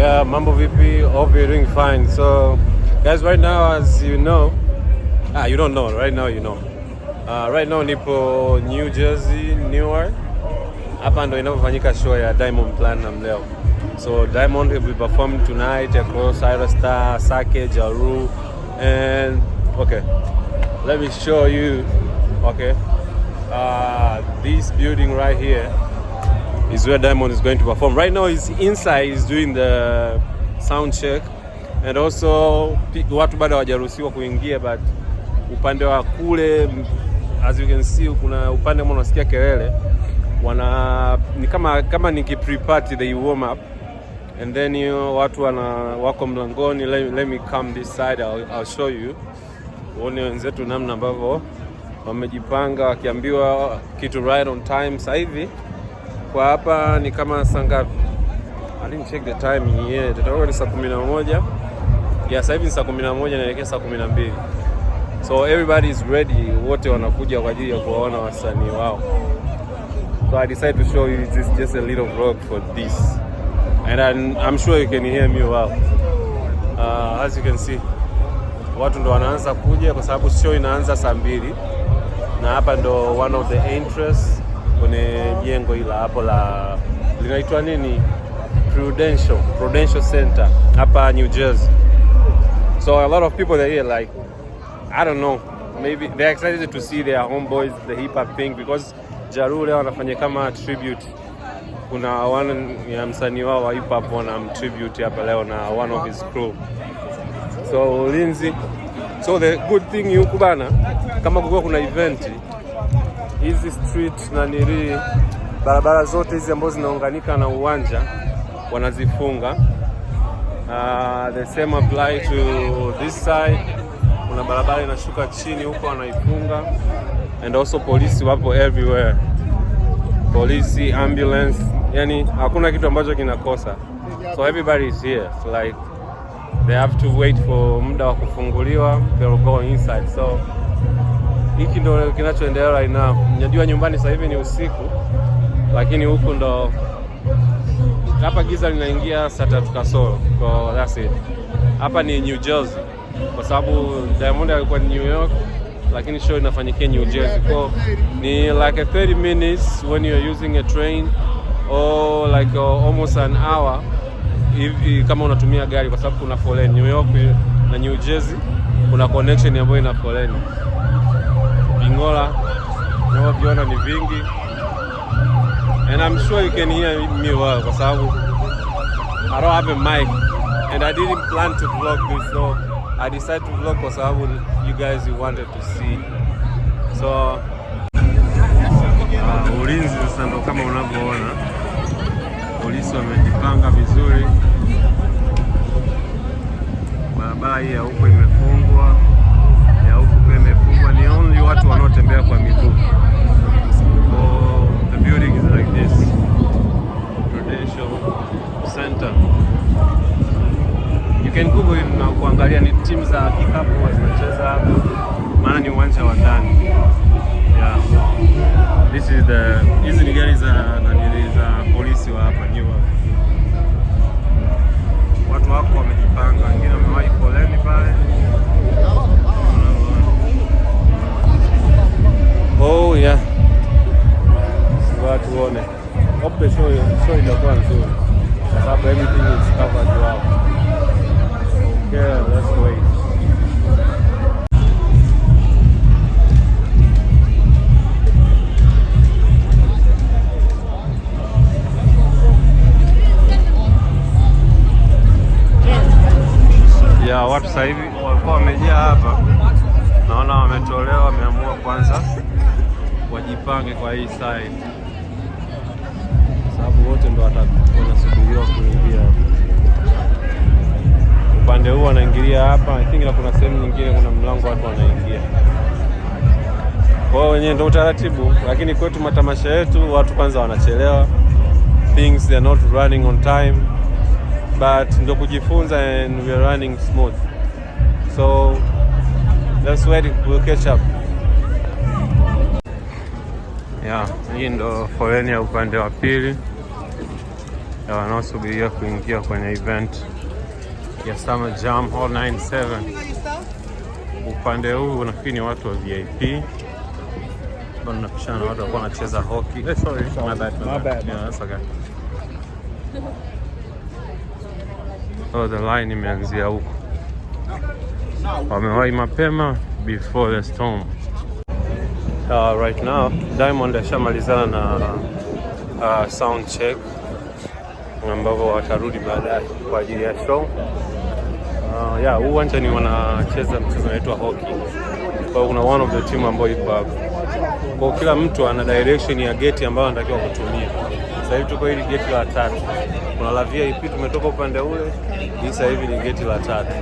Yeah, mambo vipi? Hope you're doing fine. So guys, right now as you know, ah, you don't know, right now you know. Uh, right now nipo New Jersey, Newark. Hapa ndo inavyofanyika show ya Diamond Platnumz leo. So Diamond will performed tonight across Ira Star, Sake, Jaru and okay. Let me show you. Okay. Uh, this building right here is where Diamond is going to perform. Right now he's inside, he's doing the sound check and also watu bado hawajaruhusiwa kuingia but upande wa kule as you can see kuna upande ambao unasikia kelele wana ni kama kama ni pre they warm up and then you, know, watu wana wako mlangoni. Let, let me come this side I'll, I'll show you, uone wenzetu namna ambavyo wamejipanga wakiambiwa kitu right on time sasa hivi kwa hapa ni kama saa ngapi? I didn't check the time. Yeah, tutakuwa ni saa 11. Yeah, sasa hivi ni saa 11 naelekea saa 12. So everybody is ready, wote wanakuja kwa ajili ya kuwaona wasanii wao. So I decided to show you this just a little vlog for this. And I'm, I'm sure you can hear me well. Uh, as you can see. Watu ndo wanaanza kuja kwa sababu show inaanza saa mbili na hapa ndo one of the entrances kwenye jengo hilo hapo la linaitwa nini, Prudential Prudential Center hapa New Jersey. So a lot of people they here like I don't know maybe they are excited to see their homeboys the hip hop thing because Jaru leo wanafanya kama tribute kuna wana ya msanii wao wa hip hop wana tribute hapa leo na one of his crew. So Linzi, so the good thing yuko bana, kama kukuwa kuna event hizi street na nili barabara zote hizi ambazo zinaunganika na uwanja wanazifunga. Uh, the same apply to this side. Kuna barabara inashuka chini huko wanaifunga, and also polisi wapo everywhere, polisi, ambulance, yani hakuna kitu ambacho kinakosa, so everybody is here so like they have to wait for muda wa kufunguliwa, they'll go inside so hiki ndo kinachoendelea right now. Najua nyumbani sasa hivi ni usiku, lakini huku ndo hapa giza linaingia saa tatu kasoro. So that's it. Hapa ni New Jersey kwa sababu Diamond alikuwa ni New York, lakini show inafanyikia New Jersey. Kwa ni like a 30 minutes when you are using a train or like uh, almost an hour hivi kama unatumia gari, kwa sababu kuna foleni New York na New Jersey, kuna connection ambayo ina foleni. Angola unavyoviona ni vingi, and I'm sure you can hear me well kwa sababu I don't have a mic and I didn't plan to vlog this so I decided to vlog kwa sababu you guys you wanted to see so uh, ulinzi sasa ndo kama unavyoona polisi wamejipanga vizuri, barabara hii ya huko ime only watu wanaotembea kwa miguu. So oh, the building is like this. Prudential Center. You can google it na kuangalia ni timu za kikapu zinacheza hapo. Maana ni uwanja wa ndani. Yeah. This is the hizi ni gari za kuja watu tuone hope show show inakuwa nzuri, kwa sababu everything is covered wow. Okay, let's wait. ya watu sasa hivi walikuwa wamejaa hapa, naona wametolewa, wameamua kwanza wajipange kwa hii side, sababu wote ndo wanasubiriwa kuingia upande huu, wanaingilia hapa. I think na kuna sehemu nyingine, kuna mlango watu wanaingia kwao wenyewe, ndo utaratibu. Lakini kwetu matamasha yetu watu kwanza wanachelewa, things they are not running on time, but ndo kujifunza and we are running smooth, so let's wait, we'll catch up ya hii ndo foleni ya upande wa pili ya wanaosubiria kuingia kwenye event ya Summer Jam Hall 97. Upande huu nafikiri ni watu wa VIP napishana na watu walikuwa wanacheza hockey. Eh, sorry, my bad, my bad. Yeah, that's okay. So oh, the line imeanzia huko, wamewahi mapema before the storm. Uh, right now Diamond ashamalizana na uh, sound check ambavyo watarudi baadaye kwa ajili ya show. Uh, yeah, huu uwanja ni wanacheza mchezo unaitwa hockey. Kwa kuna one of the team ambao ipo hapo. Kwa kila mtu ana direction ya geti ambayo anatakiwa kutumia. Sasa hivi tuko hili geti la tatu. Kuna la VIP tumetoka upande ule, hii sasa hivi ni geti la tatu.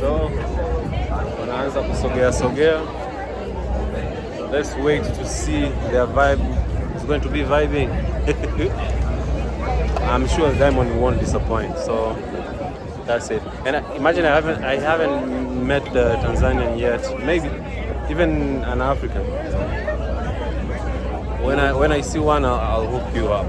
So wanaanza kusogea sogea Let's wait to see their vibe. It's going to be vibing. I'm sure Diamond won't disappoint. So that's it. And imagine I haven't I haven't met the Tanzanian yet. Maybe even an African. When I when I see one, I'll, I'll hook you up.